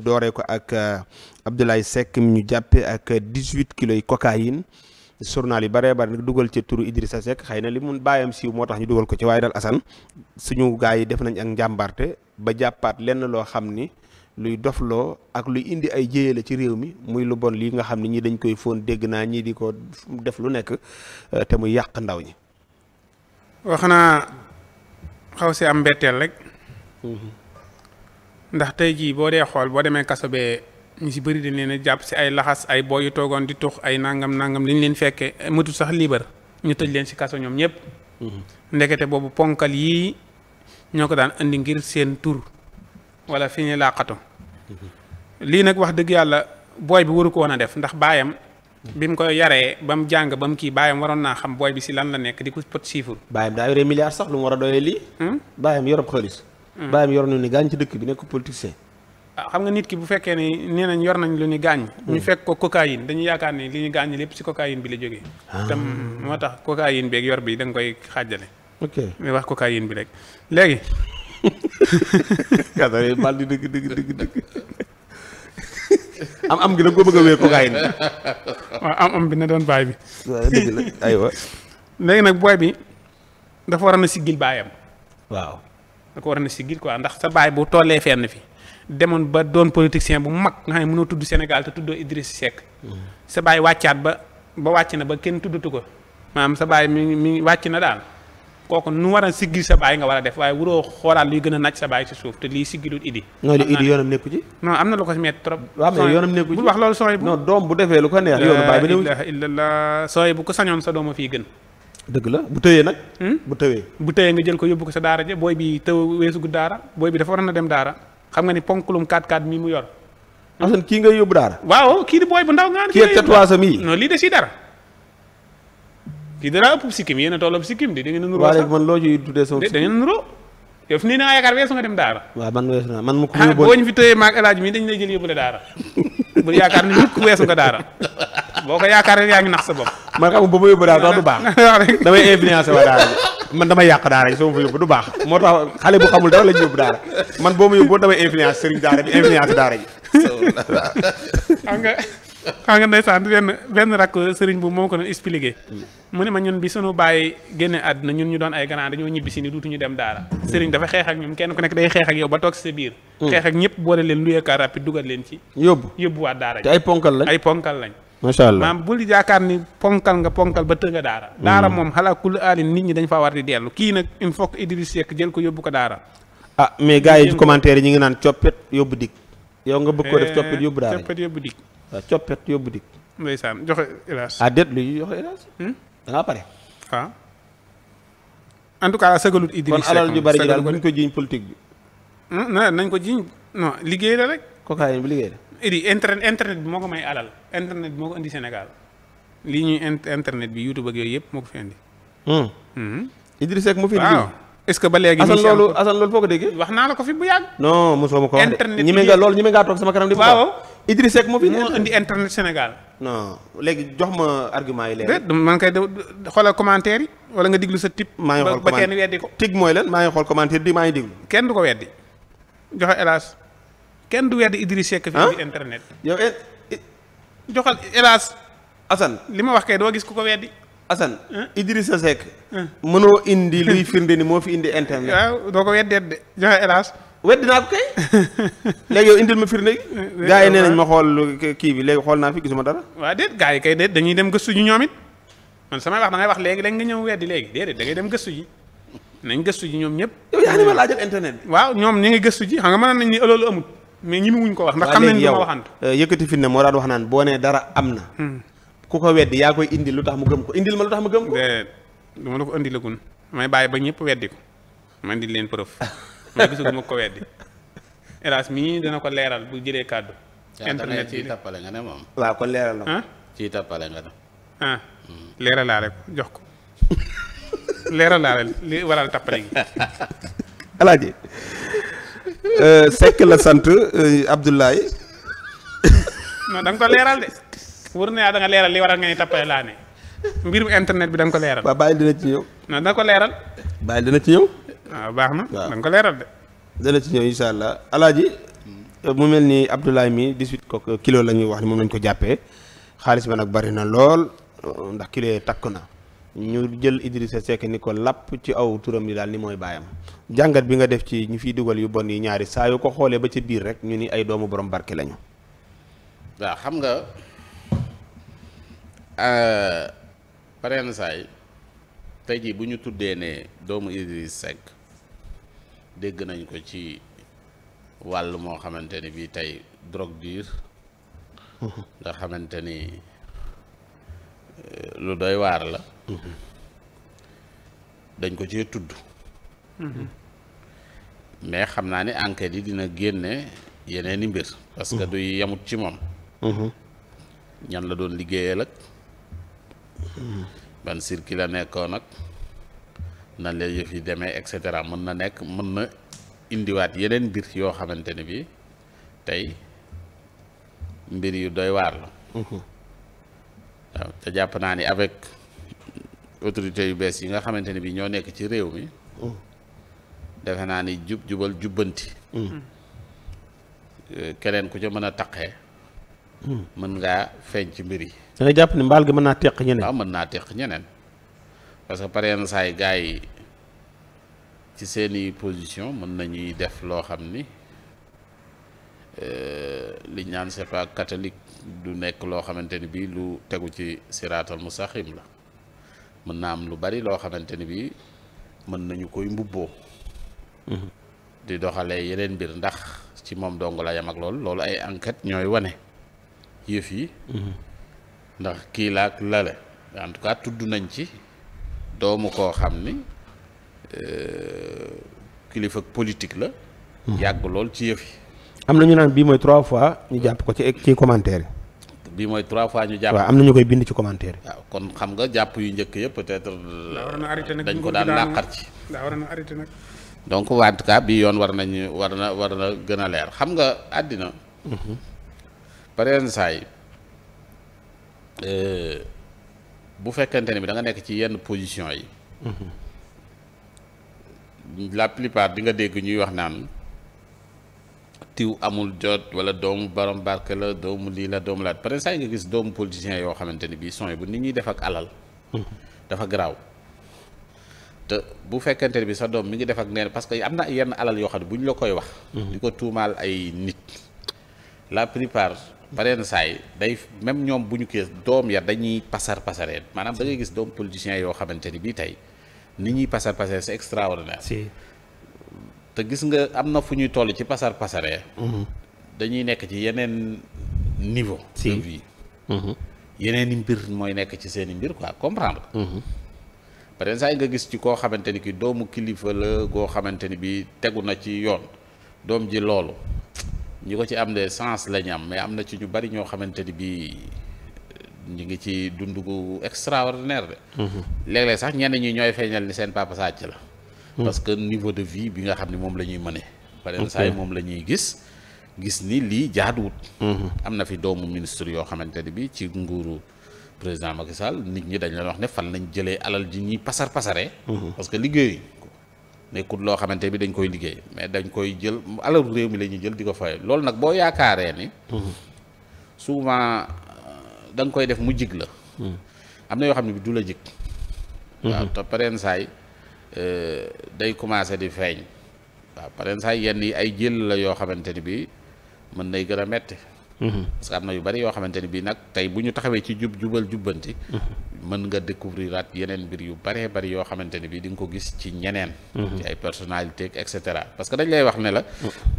dooree ko ak euh, Abdoulaye Seck mi ñu jàppe ak dix-huit kilos yi cocaïne journal yi baree bari nag dugal ci turu sa Seck xëy na li mun bàyyam siiw moo tax ñu dugal ko ci waaye daal Assane suñu gaay yi def nañ ak njàmbarte ba jàppaat lenn loo xam ni luy dofloo ak lu indi ay jéyee la ci réew mi muy lu bon lii nga xam ni ñi dañ koy fóon dégg naa ñii di ko def lu nekk euh, te muy yàq ndaw ñi. wax naa xaw si am mbetteel rek. Mm-hmm. ndax tey jii boo dee xool boo demee kaso bee ñu si bari di leen jàpp si ay laxas ay booy yu toogoon di tux ay nangam nangam li ñu leen fekkee matul sax liibar ñu tëj leen si kaso ñoom ñëpp. Mm-hmm. ndekete boobu ponkal yii ñoo ko daan indi ngir seen tur wala fi ñu làqatu mm-hmm. lii nag wax dëgg yàlla booy bi waru ko woon a def ndax baayam mm-hmm. bi mu koy yaree ba mu jàng ba mu kii baayam waroon naa xam booy bi si lan la nekk di ko pot siifur. baayam daa yore milliard sax lu war a doyee lii. Hmm? baayam yorob Hmm. bàyyam yor na ni gaañ ci dëkk bi nekk politicien ah, xam nga nit ki bu fekkee ni nee nañ yor nañ lu ñu gaañ ñu hmm. fekk ko cocaïne dañu yaakaar ni li ñu gaañ lépp ci cocaïne bi la jógee ah. tam moo tax cocaïne beeg yor bi danga koy xaajale ok muy wax bi rek léegi di dëgg dëgg dëgg am am ko bëgg a wéer cocaïne bi na doon baay bi dëgg la aywa léegi nag booy bi dafa war a na siggil baayam waaw da ko war na siggil quoi ndax sa baay bu tollee fenn fi demoon ba doon politicien bu mag nga xam ne mënoo tudd Sénégal te tuddoo Idriss Seck. Mm-hmm. sa baay wàccaat ba ba wàcc na ba kenn tuddatu ko maanaam sa baay mi mi wàcc na daal kooku nu war a siggil sa baay nga war a def waaye wuroo xoolaat luy gën a naaj sa baay si suuf te lii siggilut idi. non li idi yoonam nekku ci. non am na lu ko si metti trop. waaw mais yoonam nekku ci bu wax loolu sooy. non bu defee lu ko neex. yoonu baay bi la illallah bu ko sañoon sa dooma fii gën. dëgg la bu tëyee nag. Hmm? bu tëwee bu tëyee nga jël ko yóbbu ko sa daara ja booy bi tëw weesugu daara booy bi dafa war na dem daara xam nga ni ponk ponkulum 4-4 mi mu yor. Hmm? Assane kii ngay yóbbu daara. waaw kii di booy bu ndaw nga. kii ak tatouage lii de si dara. kii dara ëpp sikkim yéen a tolloo sikkim di da ngeen man da ngeen a nuroo yow fi nii da ngaa yaakaar weesu dem daara. waaw man weesu naa man mu ko ah, yóbboo boo ñu fi tëyee maag mi dañu lay jël yóbbu la daara bu yaakaar ni mukk weesu nga daara boo ko yaakaar yaa ngi nax sa bopp man xam ba ma yóbbu daal sax du baax damay influencé wa daara man damay yàq daara ji soo ma fa yóbbu du baax moo tax xale bu xamul dara la ñu yóbbu daara man boo ma yóbbu damay influencé sëriñ daara bi influencé daara ji xam nga xam nga ndeysaan benn benn rakk sëriñ moom ko doon hmm. mu ne ma ñun bi sunu bàyyi génne àdduna ñun ñu doon ay ganaar dañoo ñibbi si ni duutu ñu dem daara sëriñ dafa xeex ak ñoom kenn ku nekk day xeex ak yow ba toog si sa biir hmm. xeex ak ñëpp boole leen luyeekaar rapide dugal leen ci yóbbu yóbbuwaat daara ji te ay ponkal lañ ay ponkal lañ macha allah maam bul yaakaar ni ponkal nga ponkal ba tënga daara mm. daara moom xalaa kulli aalin nit ñi dañ faa war di dellu kii nag il faut que Idriss jël ko yóbbu ko daara ah mais gars yi commentaire yi ñu ngi naan coppet yóbbu dikk yow nga bëgg ko def coppet yóbbu daara eh, coppet yóbbu dikk waaw ah, coppet yóbbu dikk ndeysaan joxe hélas ah déet luy joxe hélas hmm? ah. tout cas la sëgalut Idriss Seck kon alal ju bari ji daal bu ñu ko jiiñ politique bi hmm? nañ ko jiiñ liggéey la rek cocaïne bi liggéey la idi internet internet bi moo ko may alal internet bi moo ko indi Sénégal lii ñuy internet bi YouTube ak yooyu yëpp moo ko fi indi. Hmm. Hmm. Idrissa Seck fi indi. ce que ba léegi. Assane loolu Assane loolu foo ko déggee. wax naa la ko fi bu ko wax de loolu ñi nga sama kanam di. waaw Idrissa Seck moo fi moo indi internet Sénégal. non léegi jox ma argument yi leer. de man kay de xoolal commentaire yi wala nga diglu sa tip. maa ngi xool commentaire ba kenn weddi ko. tig mooy lan maa ngi di maa ngi diglu. kenn du ko weddi joxe hélas kenn du weddi Idriss Seck. fi di internet. yow eh, eh, joxal hélas. Assane li ma wax kay doo gis ku ko weddi. Assane Idrissa Seck. mënoo indi luy firnde ni moo fi indi internet. waaw doo ko weddeet de joxe hélas. weddi ma firnde gi. Eh, gaa nañ ma xool kii bi léegi xool naa fi gisuma dara. waaw gaa yi kay dañuy dem gëstu ji ñoom it man samay wax wax léegi léegi nga ñëw weddi léegi déedéet da ngay dem gëstu ji nañ gëstu ji ñoom ñëpp. yow yaa waaw ñoom ñi ngi gëstu ji xam nga mën nañ ni loolu amul. mais ñi wuñ ko wax ndax xam nañ li ma waxantu euh, yëkkati fi ne moo daan wax naan boo nee dara am na hmm. ku ko weddi yaa koy indi lu tax mu gëm ko indil ma lu tax mu gëm ko du ma la ko indilagun may bàyyi ba ñëpp weddi ko ma indil leen preuve may gisaguma ko weddi hélas mii dana ko leeral bu jëlee kàddu internet ci tappale nga ne moom waaw kon leeral na ko ci tappale nga ne ah. hmm. ko jox ko leeralaale li waral tappale gi alaaji Euh, Seck la sant euh, Abdoulaye. non da ko leeral de. wër na yaa da leeral li waral nga ni tappale laa ne. mbirum internet bi danga ko leeral. waaw bàyyi dina ci ñëw. non da ko leeral. bàyyi dina ci ñëw. waaw ah, baax na. da ko leeral dana ci ñëw incha euh, mu mel ni Abdoulaye mi 18 ko kilo la ñuy wax ni moom lañ ko jàppee xaalis ba nag bari na lool ndax kilo yee takk na. ñu jël Idrissa sekk ni ko làpp ci aw turam li daal ni mooy baayam jàngat bi nga def ci ñu fiy dugal yu bon yi ñaari saa yu ko xoolee ba ci biir rek ñu ni ay doomu borom barke lañu. waaw xam nga euh, pareen saay tey jii bu ñu tuddee ne doomu Idrissa Seck dégg nañ ko ci wàll moo xamante ni bii tey drogue dure nga xamante ni. lu doy waar la dañ ko cee tudd mais xam naa ni enquête yi dina génne yeneen i mbir parce que mhm. du yemut ci moom mhm. ñan la doon liggéeyal ak mhm. ban circuit la nekkoon nag na la yëf yi demee et cetera mën na nekk mën na indiwaat yeneen mbir yoo xamante ne bi tey mbir yu doy waar la waaw te jàpp naa ni avec autorité yu bees yi nga xamante ne bi ñoo nekk ci réew mi oh. defe naa ni jub jubal jubbanti hmm. euh, keneen ku ca mën a taqee hmm. mën ngaa feeñ ci mbir yi da jàpp ni mbaal gi mën naa teq ñeneen waaw mën naa teq ñeneen parce que par exemple saa yi gars yi ci seeni position mën nañuy def loo xam ni Euh, li ñaan sefa catholique du nekk loo xamante ni bii lu tegu ci siraatal mustaxim la mën na am lu bari loo xamante ni bii mën nañu koy mbubboo mhm. di doxalee yeneen mbir ndax ci moom dong la yam ak loolu ay enquête ñooy wane yëf yi mhm. ndax kii laak lale en tout cas tudd nañ ci doomu koo xam ni euh, kilifa politique la mhm. yàgg lool ci yëf yi am na ñu naan bii mooy trois fois ñu jàpp ko ci ci commentaire yi. bii mooy trois fois ñu jàpp. waaw am na ñu koy bind ci commentaire kon xam nga jàpp yu njëkk yëpp peut-être. dañ ko daan làqar ci. daa war na arrêté nag. donc waa en bii yoon war nañu war na war na gën a leer xam nga àddina. Mhm. pareen saay euh, bu fekkente ne bi da nga nekk ci yenn position yi. Mhm. la plupart di nga dégg ñuy wax naan. tiw amul jot wala doomu borom barke la doomu lii la doomu laat pare saa yi nga gis doomu politiciens yoo xamante ni bii son bu nit ñuy def ak alal. dafa garaaw. te bu fekkente ne bi sa doom mi ngi def ak neen parce que am na yenn alal yoo xam ne bu ñu koy wax. di ko tuumaal ay nit. la plupart pareen saay day même ñoom bu ñu kii doom ya dañuy pasar pasareen maanaam da ngay gis doomu politiciens yoo xamante ni bii tey ni ñuy pasar pasareen c'est extraordinaire. te gis nga am na fu ñuy toll ci pasar pasaree mhm. dañuy nekk ci yeneen niveau de vie mhm. yeneen i mbir mooy nekk ci seen i mbir quoi comprendre parce que saa yi nga gis ci koo xamante ni ki doomu kilifa la goo xamante ni bi tegu na ci yoon doom ji loolu ñi ko ci am de sens lañu am mais am na ci ñu bari ñoo xamante ni bi eh, ñu ngi ci dund gu extraordinaire de mhm. léeg-léeg sax ñenn ñi ñooy feeñal ni seen papa sàcc la Mmh. parce que niveau de vie bi nga xam ne moom la ñuy mëne beneen saa yi moom la ñuy gis gis ni lii jaaduwut mmh. am na fi doomu ministre yoo xamante ne bi ci nguuru président Macky Sall nit ñi dañ leen wax ne fan lañ jëlee alal ji ñuy pasar pasare mmh. parce que liggéey nekkut loo xamante bi dañ koy liggéey mais dañ koy jël alalu réew mi la ñuy jël di ko fay loolu nag boo yaakaaree ni souvent da nga koy def mu jig la am na yoo xam ne bi du la jig waaw te pareen saay Euh, day commencé di feeñ waaw paren saa yenn yi ay jël la yoo xamante ni bii mën nay gën a metti mhm. parce que am na yu bari yoo xamante ni bii nag tey bu ñu taxawee ci jub jubal jubbanti mhm. mën nga découvrir at yeneen mbir yu baree bari yoo xamante ni bii di nga ko gis ci ñeneen mhm. ci ay personnalité et cetera parce que dañ lay wax ne la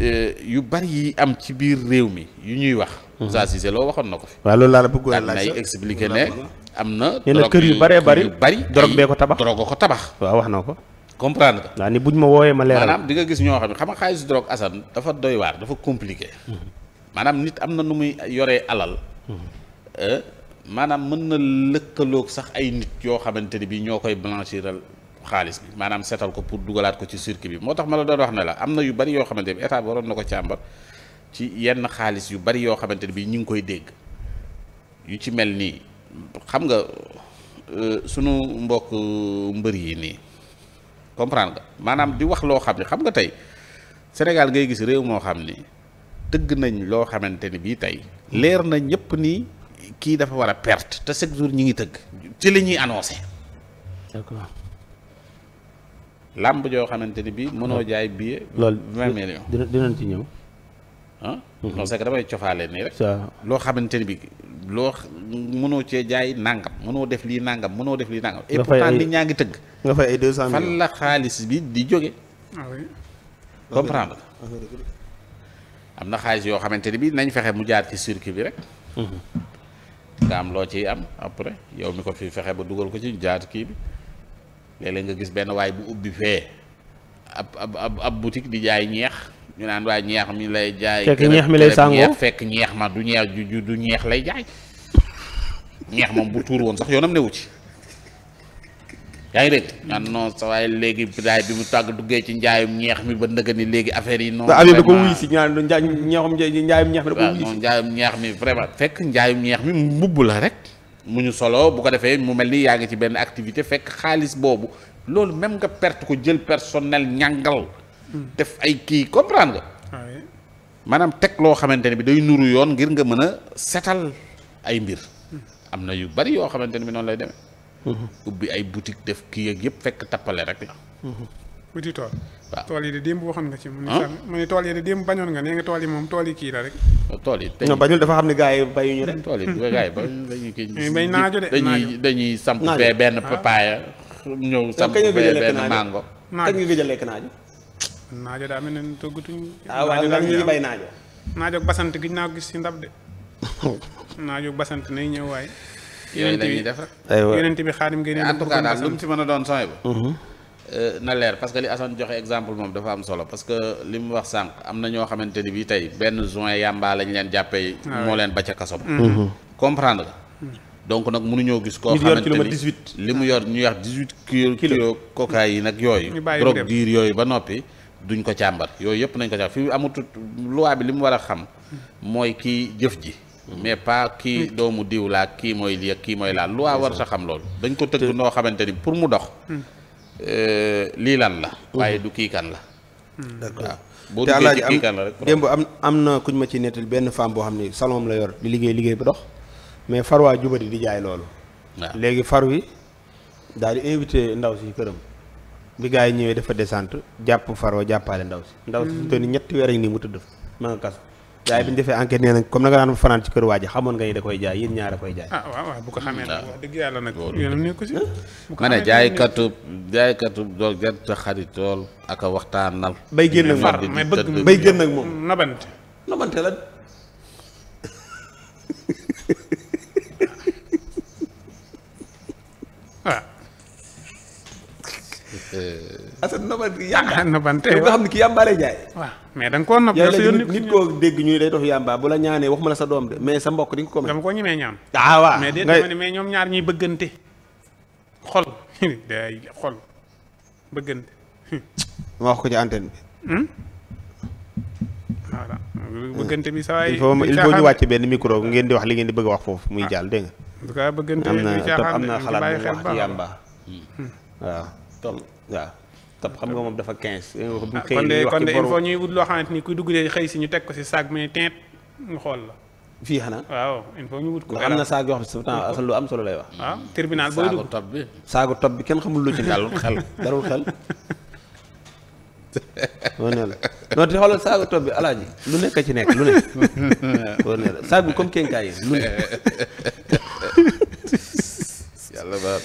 euh, yu bari yi am ci biir réew mi yu ñuy wax saa Cissé loo waxoon na ko fi loolu laa la bëggoon laaj am nay expliqué ne am na. nee na yu baree bari bëri. drogue bee ko tabax ko tabax. waaw wax na ko. comprendre nga. waaw ni buñ ma wooyee ma leeral. maanaam di nga gis ñoo xam ne xam nga xaalis drogue Assane dafa doy waar dafa compliqué. Mm-hmm. maanaam nit am na nu muy yoree alal. Mm-hmm. Euh, maanaam mën na lëkkaloog sax ay nit yoo xamante ni bii ñoo koy blanchiral xaalis bi maanaam seetal ko pour dugalaat ko ci circuit bi moo tax ma la doon wax ne la am na yu bari yoo xamante bi état bi waroon na ko càmbar ci yenn xaalis yu bari yoo xamante ne bii ñu ngi koy dégg yu ci mel nii xam nga euh, sunu mbokk mbër yi nii comprendre nga maanaam di wax loo xam ne xam nga tey Sénégal ngay gis réew moo xam ni tëgg nañ loo xamante ni bii tey leer na ñëpp nii kii dafa war a perte te chaque jour ñi ngi tëgg ci li ñuy annoncé. làmb joo xamante ni bii mënoo ah. jaay billet. loolu vingt millions dinañ ci ñëw. ah. non damay cofaale nii rek. loo xamante ni bii loo mënoo cee jaay nangam mënoo def lii nangam mënoo def lii nangam. et pourtant nit ñaa ngi tëgg. nga fay ay deux cent mille fan la xaalis bi di jóge. ah, ah am na xaalis yoo xamante ni bi nañ fexe mu jaar ci circuit bi rek. Mhm. nga am loo ciy am après yow mi ko fi fexe ba dugal ko ci jaar kii bi léeg nga gis benn waay bu ubbi fee ab ab ab boutique di jaay ñeex. ñu naan waa ñeex mi lay jaay. fekk ñeex mi lay sàngoo fekk ñeex ma du ñeex ju du ñeex lay jaay ñeex moom bu tuur woon sax yoonam newu ci. yaa ngi dégg naan non sa waaye léegi daay bi mu tàgg duggee ci njaayum ñeex mi ba ndëgg ni léegi affaire yi. non vraiment da ko wuyu si ñaan ñeexum njaayum ñeex mi da ko ñeex mi vraiment fekk njaayum ñeex mi mbubb la rek. mu ñu solo bu ko defee mu mel ni yaa ngi ci benn activité fekk xaalis boobu loolu même nga perte ko jël personnel ñàngal def ay kii comprendre nga. maanaam teg loo xamante ne bi day nuru yoon ngir nga mën a setal ay mbir. Hmm. am na yu bari yoo xamante ne bi noonu lay demee. Hmm. ubbi ay boutique def kii ak yëpp fekk tappale rek la. wuti hmm. tool. waaw tool yi de démb waxoon nga ci. mu ne tool yi de démb bañoon nga nee nga tool yi moom tool yi kii la rek. tool yi tey bañul xam ne gars yi bayuñu rek. tool yi gars yi bayuñu kii. bay naajo de dañuy dañuy samp bee benn ah. papaaya. ñëw samp bee benn mango. kañ nga gëj a lekk naajo. naajo daa mel ne toggatuñ. ah waaw ñu ngi bay naajo. naajo basant gi naa gis ci ndab de. naajo basant nay ñëw waaye. yooyu la ñuy def rek yonent bi xaadim ngeen en tout cas daal a doon sooy ba. Mm-hmm. Euh, na leer parce que li Assane joxe exemple moom dafa am solo parce que li mu wax sànq am na ñoo xamante ni bii tey benn juin yàmbaa lañ leen jàppee. Ah moo leen ba ca kaso ba. Mm-hmm. comprendre nga. Mm-hmm. donc nag gis. koo xamante ni li mu yor ñu wax dix huit kilo kilo yi nag yooyu. drogue diir yooyu ba noppi. duñ ko càmbar yooyu yëpp nañ ko càmbar fi amutut loi bi li mu war a xam mooy kii jëf ji mais pas kii hmm. doomu diw laa kii mooy lii ak kii mooy laa loi war sa xam loolu dañ ko tëgg noo xamante ni pour mu dox hmm. euh, lii lan la hmm. waaye du kii kan la d'accord boo te alaaji am démb am am na kuñ ma ci nettal benn femme boo xam ni salon la yor di liggéey liggéey bu dox mais far waa jubadi di jaay loolu léegi far wi daal di invité ndaw si këram bi gars yi ñëwee dafa descente jàpp faroo jàppaale ndaw si ndaw si fi mu toll nii ñetti weer ak nii mu tëdd ma nga kaso gars yi bi ñu defee enquête nee nañ comme na nga daan fanaan ci kër waa xamoon nga ni da koy jaay yéen ñaar a koy jaay ah waaw waaw bu ko xamee nag wax a waxtaanal bay génn ak moom bay génn ak moom nabante nabante la Euh, Assane nobal yàmba ah, nobante nga xam ne ki yàmba jaay waaw mais da nga na nopp nit koo dégg ñuy day dox yàmba bu la ñaanee waxuma la sa doom de mais sa mbokk di ko dama ko ñemee ñaan ah waaw mais déedéet mais ñoom xol xol bëggante ma wax ko ci antenne bi hmm? voilà bëggante bi saa il faut ñu wàcc benn micro ngeen di wax li ngeen di bëgg a wax foofu muy jàll dégg nga am na am na xalaat bu wax ci yàmba hmm. waaw waaw tab xam nga moom dafa 15. Ah, kon de kon de il faut ñuy wut loo xamante ni kuy dugg xëy si ñu teg ko si saag mi teint ñu xool la. fii xanaa waaw il ñu wut ko. am na saag yoo xam ne sa temps lu am solo lay wax. waaw ah, tribunal booy saagu tab bi. saagu bi kenn xamul lu ci dalul xel dalul xel. wóor na la non te xoolal saagu topp bi alaaji lu nekk ci nekk lu ne ko na la saag bi comme kenkaay yi lu ne.